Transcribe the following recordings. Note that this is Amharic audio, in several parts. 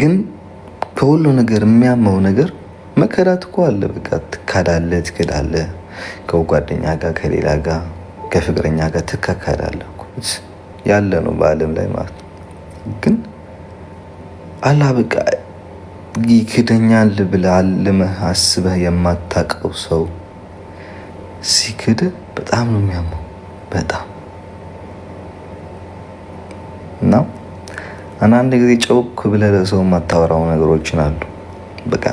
ግን ከሁሉ ነገር የሚያመው ነገር መከዳት እኮ አለ። በቃ ትካዳለ፣ ትክዳለ፣ ከጓደኛ ጋር፣ ከሌላ ጋር፣ ከፍቅረኛ ጋር ትካካዳለ። ያለ ነው በዓለም ላይ ማለት ነው። ግን አላህ በቃ ይክደኛል ብለህ አልመህ አስበህ የማታውቀው ሰው ሲክድ በጣም ነው የሚያመው። በጣም እና አንዳንድ ጊዜ ጨውክ ብለህ ለሰው የማታወራው ነገሮችን አሉ። በቃ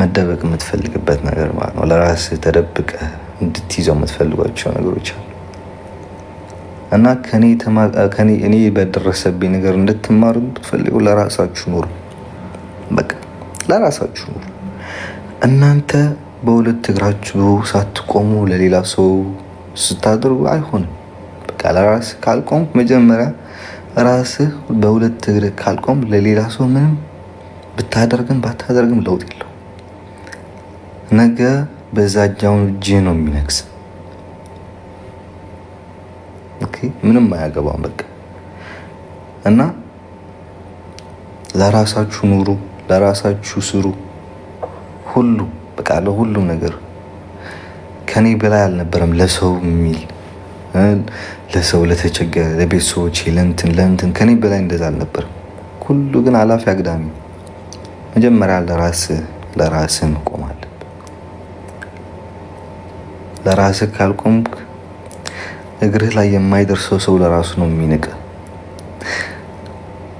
መደበቅ የምትፈልግበት ነገር ማለት ነው። ለራስህ ተደብቀ እንድትይዘው የምትፈልጓቸው ነገሮች አሉ እና እኔ በደረሰብኝ ነገር እንድትማሩ የምትፈልጉ ለራሳችሁ ኑሩ። በቃ ለራሳችሁ ኑሩ። እናንተ በሁለት እግራችሁ ሳትቆሙ ለሌላ ሰው ስታደርጉ አይሆንም። በቃ ለራስ ካልቆም መጀመሪያ ራስህ በሁለት እግር ካልቆም ለሌላ ሰው ምንም ብታደርግም ባታደርግም ለውጥ የለው። ነገ በዛጃውን እጅ ነው የሚነግስ። ምንም አያገባም በቃ እና ለራሳችሁ ኑሩ፣ ለራሳችሁ ስሩ። ሁሉ በቃ ለሁሉም ነገር ከኔ በላይ አልነበረም ለሰው የሚል ለሰው ለተቸገረ ለቤተሰቦች ለእንትን ለእንትን ከኔ በላይ እንደዛ አልነበር። ሁሉ ግን አላፊ አግዳሚ መጀመሪያ ለራስ ለራስ መቆም ለራስ ለራስህ ካልቆምክ እግርህ ላይ የማይደርሰው ሰው ለራሱ ነው የሚንቅ።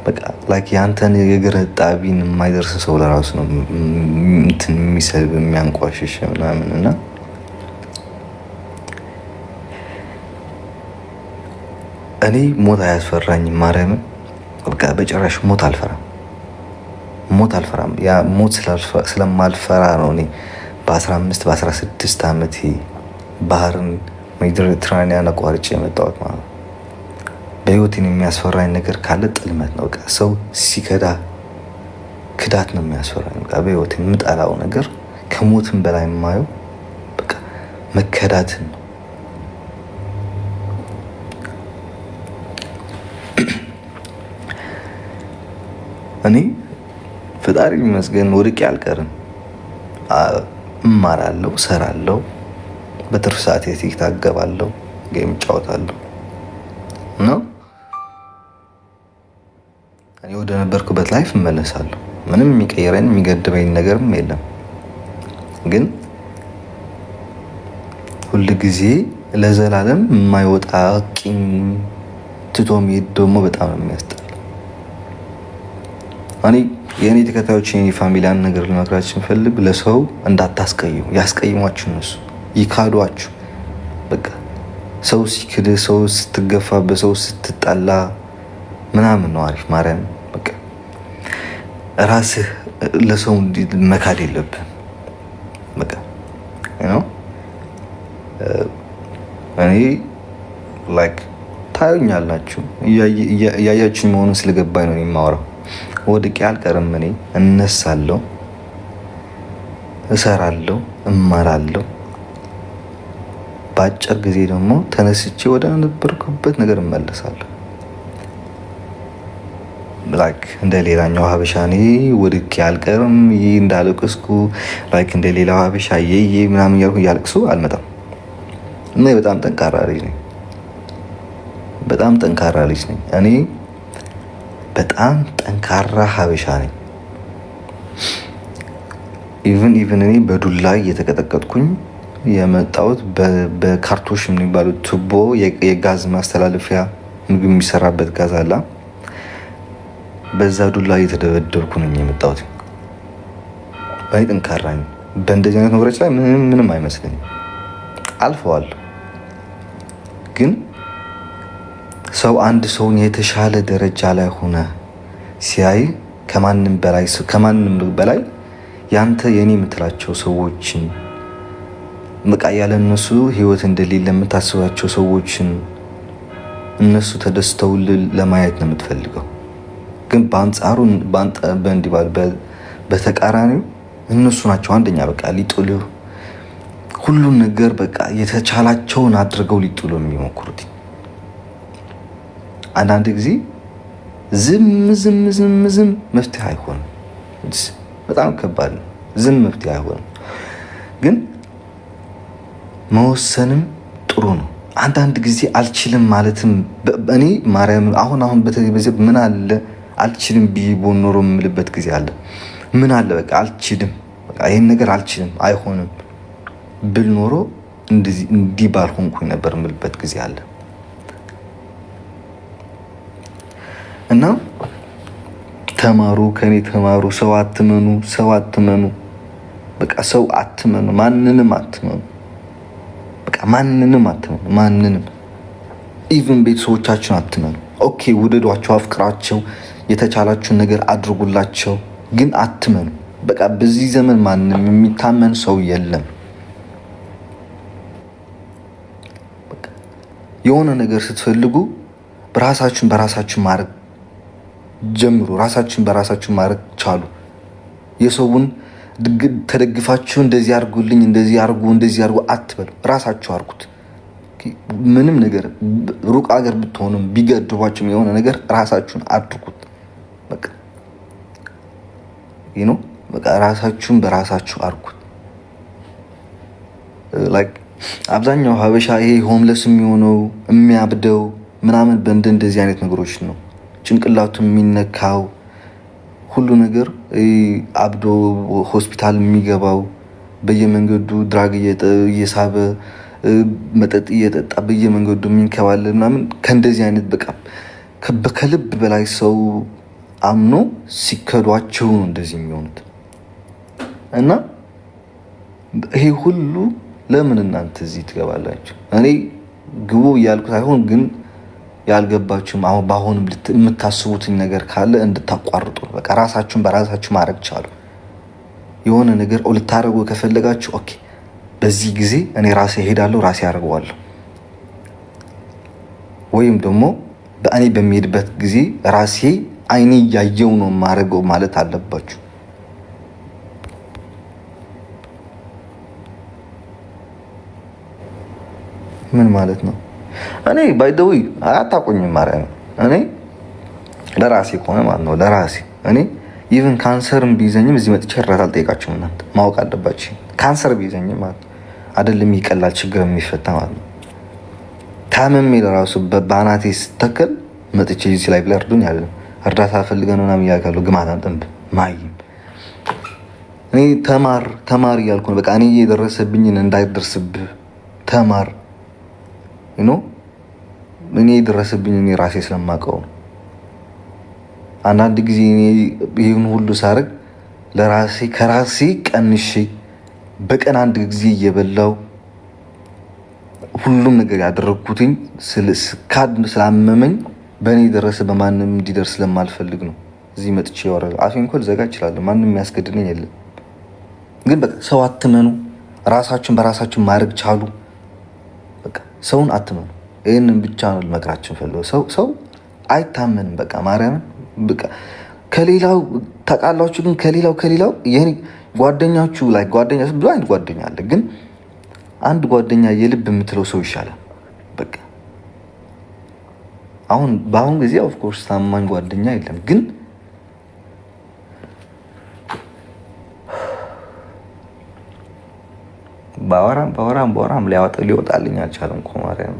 በቃ ላይክ ያንተን የእግር ጣቢን የማይደርስ ሰው ለራሱ ነው እንትን የሚሰብ የሚያንቋሽሽ ምናምን እና እኔ ሞት አያስፈራኝም። ማርያምን በቃ በጭራሽ ሞት አልፈራም፣ ሞት አልፈራም። ያ ሞት ስለማልፈራ ነው እኔ በ15 በ16 ዓመት ባህርን ሜዲትራኒያን አቋርጬ የመጣሁት ማለት ነው። በህይወትን የሚያስፈራኝ ነገር ካለ ጥልመት ነው። በቃ ሰው ሲከዳ ክዳት ነው የሚያስፈራኝ። በቃ በህይወት የምጠላው ነገር ከሞትን በላይ የማየው በቃ መከዳትን ነው። እኔ ፈጣሪ ይመስገን ወድቄ አልቀርም። እማራለሁ፣ ሰራለሁ፣ በትርፍ ሰዓት ቲክታክ ገባለሁ፣ ጌም እጫወታለሁ እና እኔ ወደ ነበርኩበት ላይፍ እመለሳለሁ። ምንም የሚቀይረኝ የሚገድበኝ ነገርም የለም። ግን ሁል ጊዜ ለዘላለም የማይወጣ ቂም ትቶ መሄድ ደግሞ በጣም የሚያስጠ እኔ የእኔ ተከታዮች የኔ ፋሚሊ ነገር ልመክራችሁ ስንፈልግ ለሰው እንዳታስቀይሙ። ያስቀይሟችሁ እነሱ ይካዷችሁ። በቃ ሰው ሲክድ፣ ሰው ስትገፋ፣ በሰው ስትጠላ ምናምን ነው አሪፍ ማርያም። በቃ ራስህ ለሰው መካድ የለብን። በቃ እኔ ላይክ ታዩኛላችሁ፣ እያያችን መሆኑን ስለገባኝ ነው የማወራው ወድቄ አልቀርም። እኔ እነሳለሁ፣ እሰራለሁ፣ እማራለሁ። በአጭር ጊዜ ደግሞ ተነስቼ ወደ ነበርኩበት ነገር እመለሳለሁ። ላይክ እንደ ሌላኛው ሀበሻ እኔ ወድቄ አልቀርም። ይህ እንዳለቅስኩ ላይክ እንደ ሌላው ሀበሻ የየ ምናምን እያልኩ እያለቅሱ አልመጣም። እና በጣም ጠንካራ ልጅ ነኝ። በጣም ጠንካራ ልጅ ነኝ እኔ በጣም ጠንካራ ሀበሻ ነኝ። ኢቭን ኢቨን እኔ በዱላ እየተቀጠቀጥኩኝ የመጣሁት በካርቶሽ የሚባሉት ቱቦ የጋዝ ማስተላለፊያ ምግብ የሚሰራበት ጋዝ አላ በዛ ዱላ እየተደበደብኩ ነኝ የመጣሁት። በእኔ ጠንካራ ነኝ። በእንደዚህ አይነት ነገሮች ላይ ምንም ምንም አይመስለኝም። ግን ሰው አንድ ሰውን የተሻለ ደረጃ ላይ ሆነ ሲያይ ከማንም በላይ ከማንም በላይ ያንተ የኔ የምትላቸው ሰዎችን በቃ ያለ እነሱ ህይወት እንደሌለ የምታስባቸው ሰዎችን እነሱ ተደስተው ለማየት ነው የምትፈልገው። ግን በአንጻሩ በእንዲባል በተቃራኒው እነሱ ናቸው አንደኛ በቃ ሊጥሉ ሁሉን ነገር በቃ የተቻላቸውን አድርገው ሊጥሉ የሚሞክሩት አንዳንድ ጊዜ ዝም ዝም ዝም ዝም መፍትሄ አይሆንም። በጣም ከባድ ነው። ዝም መፍትሄ አይሆንም፣ ግን መወሰንም ጥሩ ነው። አንዳንድ ጊዜ አልችልም ማለትም እኔ ማርያም አሁን አሁን በተለይ ምን አለ አልችልም ብዬ ቦኖሮ የምልበት ጊዜ አለ። ምን አለ በቃ አልችልም፣ ይህን ነገር አልችልም፣ አይሆንም ብል ኖሮ እንዲህ ባልሆንኩኝ ነበር የምልበት ጊዜ አለ። እና ተማሩ፣ ከኔ ተማሩ። ሰው አትመኑ፣ ሰው አትመኑ። በቃ ሰው አትመኑ፣ ማንንም አትመኑ። በቃ ማንንም አትመኑ፣ ማንንም ኢቭን ቤተሰቦቻችሁን አትመኑ። ኦኬ ውደዷቸው፣ አፍቅራቸው፣ የተቻላችሁን ነገር አድርጉላቸው፣ ግን አትመኑ። በቃ በዚህ ዘመን ማንም የሚታመን ሰው የለም። የሆነ ነገር ስትፈልጉ በራሳችሁን በራሳችሁ ማድረግ ጀምሩ። ራሳችሁን በራሳችሁ ማድረግ ቻሉ። የሰውን ተደግፋችሁ እንደዚህ አርጉልኝ፣ እንደዚህ አርጉ፣ እንደዚህ አርጉ አትበሉ። ራሳችሁ አርጉት። ምንም ነገር ሩቅ ሀገር ብትሆኑም ቢገድቧችሁም የሆነ ነገር ራሳችሁን አድርጉት። ነው በቃ ራሳችሁን በራሳችሁ አርጉት። አብዛኛው ሀበሻ ይሄ ሆምለስ የሚሆነው የሚያብደው ምናምን በእንደ እንደዚህ አይነት ነገሮች ነው። ጭንቅላቱ የሚነካው ሁሉ ነገር አብዶ ሆስፒታል የሚገባው በየመንገዱ ድራግ እየሳበ መጠጥ እየጠጣ በየመንገዱ የሚንከባለ ምናምን ከእንደዚህ አይነት በቃ ከልብ በላይ ሰው አምኖ ሲከዷቸው ነው እንደዚህ የሚሆኑት። እና ይሄ ሁሉ ለምን እናንተ እዚህ ትገባላችሁ? እኔ ግቡ እያልኩ ሳይሆን ግን ያልገባችሁም አሁን በአሁኑ የምታስቡትኝ ነገር ካለ እንድታቋርጡ በቃ ራሳችሁን በራሳችሁ ማድረግ ቻሉ። የሆነ ነገር ልታደረጉ ከፈለጋችሁ ኦኬ፣ በዚህ ጊዜ እኔ ራሴ እሄዳለሁ፣ ራሴ አደርገዋለሁ። ወይም ደግሞ በእኔ በሚሄድበት ጊዜ ራሴ አይኔ እያየው ነው ማድረገው ማለት አለባችሁ። ምን ማለት ነው? እኔ ባይደዊ አታቆኝም ማለት እኔ ለራሴ ከሆነ ማለት ነው ለራሴ እኔ ኢቭን ካንሰርም ቢይዘኝም እዚህ መጥቼ እርዳታ አልጠይቃችሁም። እናንተ ማወቅ አለባችሁ። ካንሰር ቢይዘኝም ማለት ነው አይደለም ይቀላል ችግር የሚፈታ ማለት ነው። ታምሜ ለራሱ በባናቴ ስተከል መጥቼ እዚህ ላይ ብላ እርዱኝ ያለ እርዳታ ፈልገን ምናምን እያልካሉ ግማታን ጥንብ ማይም እኔ ተማር ተማር እያልኩ በቃ እኔ የደረሰብኝን እንዳይደርስብህ ተማር ኖ እኔ የደረሰብኝ እኔ ራሴ ስለማውቀው ነው። አንዳንድ ጊዜ ይህን ሁሉ ሳደርግ ለራሴ ከራሴ ቀንሼ በቀን አንድ ጊዜ እየበላው ሁሉም ነገር ያደረግኩትኝ ካድ ስላመመኝ በእኔ የደረሰ በማንም እንዲደርስ ስለማልፈልግ ነው። እዚህ መጥቼ ወረ አፌን እኮ ልዘጋ እችላለሁ። ማንም የሚያስገድደኝ የለም። ግን በቃ ሰው አትመኑ። ራሳችን በራሳችን ማድረግ ቻሉ። ሰውን አትመኑ። ይህንን ብቻ ነው ልመክራችሁ ፈልገው። ሰው ሰው አይታመንም። በቃ ማርያምን በቃ ከሌላው ታውቃላችሁ። ግን ከሌላው ከሌላው ጓደኛችሁ ላይ ጓደኛ ብዙ አይነት ጓደኛ አለ። ግን አንድ ጓደኛ የልብ የምትለው ሰው ይሻላል። በቃ አሁን በአሁን ጊዜ ኦፍኮርስ ታማኝ ጓደኛ የለም ግን በወራም በወራም ሊያወጣ ሊወጣልኝ አልቻለም እኮ ማርያም።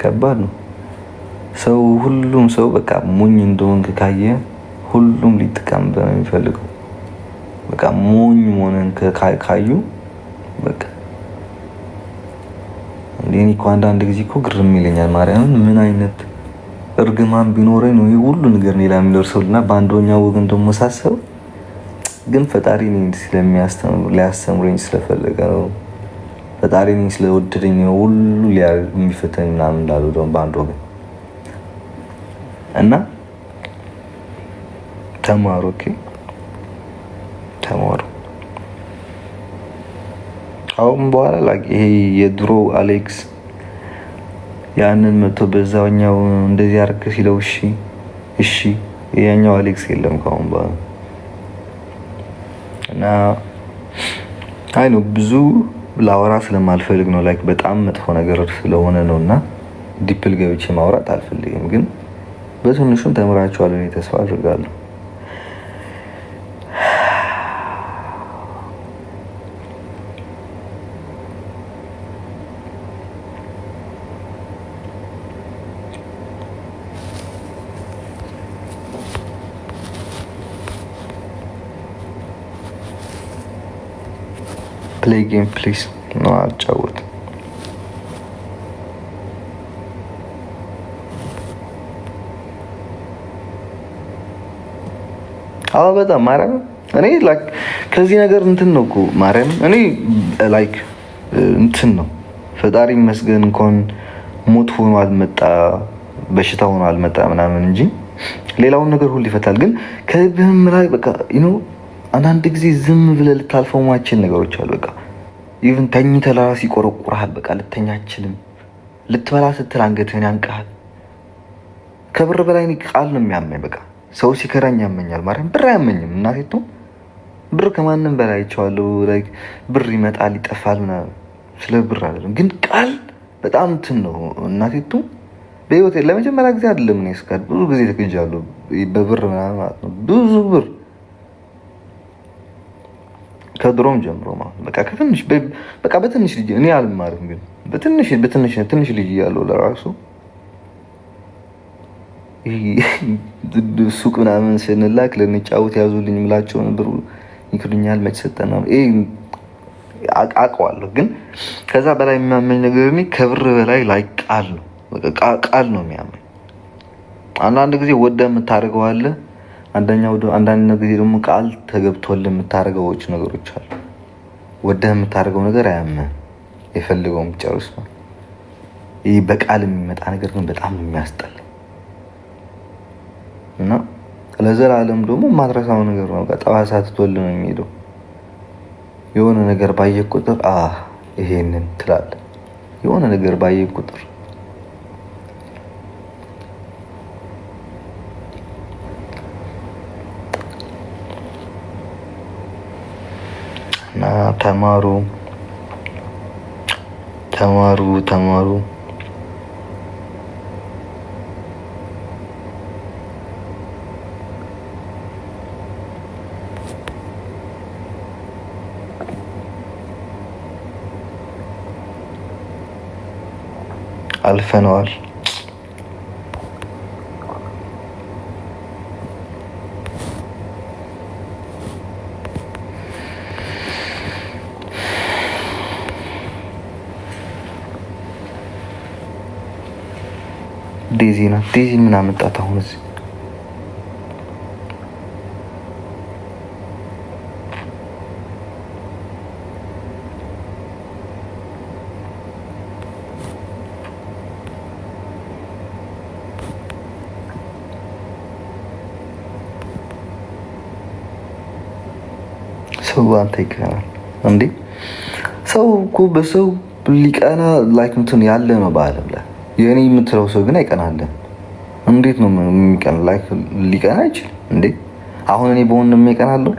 ከባድ ነው። ሰው ሁሉም ሰው በቃ ሞኝ እንደሆንክ ካየ ሁሉም ሊጠቀምበት ነው የሚፈልገው። በቃ ሞኝ መሆንን ካዩ በቃ እኔ እኮ አንዳንድ ጊዜ እኮ ግርም ይለኛል። ማርያምን ምን አይነት እርግማን ቢኖረኝ ነው ይህ ሁሉ ነገር ሌላ የሚደርሰው እና በአንደኛው ወገን ደግሞ ሳሰብ ግን ፈጣሪ ሊያስተምረኝ ስለፈለገ ነው። ፈጣሪ ስለወደደኝ ነው ሁሉ የሚፈተኝ ምናምን እንዳሉ ደግሞ በአንድ ወገን እና ተማሩ ተማሩ ካሁን በኋላ ላይክ ይሄ የድሮ አሌክስ ያንን መቶ በዛኛው እንደዚህ አርክ ሲለው እሺ እሺ ያኛው አሌክስ የለም ካሁን በኋላ እና አይ ነው ብዙ ላወራ ስለማልፈልግ ነው። ላይክ በጣም መጥፎ ነገር ስለሆነ ነው እና ዲፕል ገብቼ ማውራት አልፈልግም። ግን በትንሹም ተምራችኋል ተስፋ አድርጋለሁ። ፕሌይ ጌም ፕሊዝ ነው አጫወት አዎ በጣም ማርያም እኔ ላይክ ከዚህ ነገር እንትን ነው እኮ ማርያም እኔ ላይክ እንትን ነው ፈጣሪ ይመስገን እንኳን ሞት ሆኖ አልመጣ በሽታ ሆኖ አልመጣ ምናምን እንጂ ሌላውን ነገር ሁሉ ይፈታል። ግን ከልብህም ላይ በቃ አንዳንድ ጊዜ ዝም ብለህ ልታልፈው ነገሮች አሉ። በቃ ኢቭን ተኝተህ ለራሱ ይቆረቁረሃል። በቃ ልተኛ አችልም። ልትበላ ስትል አንገትህን ያንቀሃል። ከብር በላይ ቃል ነው የሚያመኝ። በቃ ሰው ሲከራኝ ያመኛል። ማርያም ብር አያመኝም። እናቴቱ ብር ከማንም በላይ ይቸዋለሁ። ብር ይመጣል ይጠፋል ምናምን። ስለ ብር አይደለም ግን ቃል በጣም እንትን ነው። እናቴቱ በህይወቴ ለመጀመሪያ ጊዜ አይደለም እኔ ብዙ ጊዜ ተገጃለሁ በብር ምናምን ማለት ነው ብዙ ብር ከድሮም ጀምሮ ማለት በቃ ከትንሽ በቃ በትንሽ ልጅ እኔ አልማርም፣ ግን በትንሽ በትንሽ ትንሽ ልጅ እያለሁ ለራሱ ሱቅ ምናምን ስንላክ ልንጫወት ያዙልኝ ምላቸው ነበር። ይክዱኛል መች ሰጠና አውቀዋለሁ፣ ግን ከዛ በላይ የሚያመኝ ነገር እኔ ከብር በላይ ላይ ቃል ነው ቃል ነው የሚያመኝ። አንዳንድ ጊዜ ወደ የምታደርገዋለህ አንደኛው አንዳንድ ጊዜ ደግሞ ቃል ተገብቶል የምታደርገዎች ነገሮች አሉ። ወደህ የምታደርገው ነገር አያምህ የፈልገውም ጨርስ ነው። ይህ በቃል የሚመጣ ነገር ግን በጣም የሚያስጠል እና ለዘላለም ደግሞ ማድረሳው ነገር ነው። ጠባሳ ትቶልህ ነው የሚሄደው። የሆነ ነገር ባየ ቁጥር ይሄንን ትላለህ። የሆነ ነገር ባየ ቁጥር تمارو تمارو تمارو ألف ዴዚ ናት። ዴዚ ምን አመጣት አሁን እዚህ? ሰው አንተ ይቀናል እንዴ? ሰው እኮ በሰው ሊቀና ላይክ እንትን ያለ ነው በዓለም ላይ የእኔ የምትለው ሰው ግን አይቀናለን። እንዴት ነው የሚቀን? ሊቀና አይችልም እንዴ? አሁን እኔ ነው የሚቀናለው?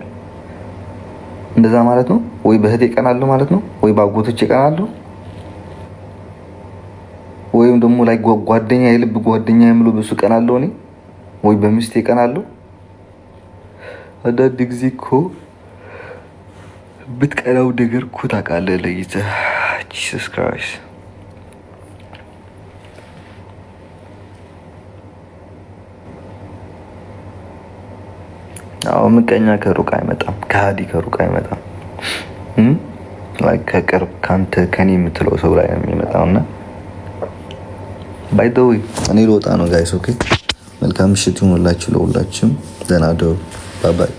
እንደዛ ማለት ነው ወይ? በእህቴ እቀናለሁ ማለት ነው ወይ? በአጎቶቼ እቀናለሁ ወይም ደግሞ ላይ ጓደኛ የልብ ጓደኛ የምለው በሱ እቀናለሁ እኔ ወይ በሚስቴ እቀናለሁ። አንዳንድ ጊዜ እኮ ብትቀናው ነገር እኮ ታውቃለህ ለይተህ ጂሰስ ክራይስት አዎ ምቀኛ ከሩቅ አይመጣም። ከሀዲ ከሩቅ አይመጣም። ከቅርብ ከአንተ ከኔ የምትለው ሰው ላይ ነው የሚመጣው። እና ባይተዊ እኔ ልወጣ ነው ጋይስ። ኦኬ መልካም ምሽት ይሁንላችሁ ለሁላችሁም። ደህና ደሩ። ባባይ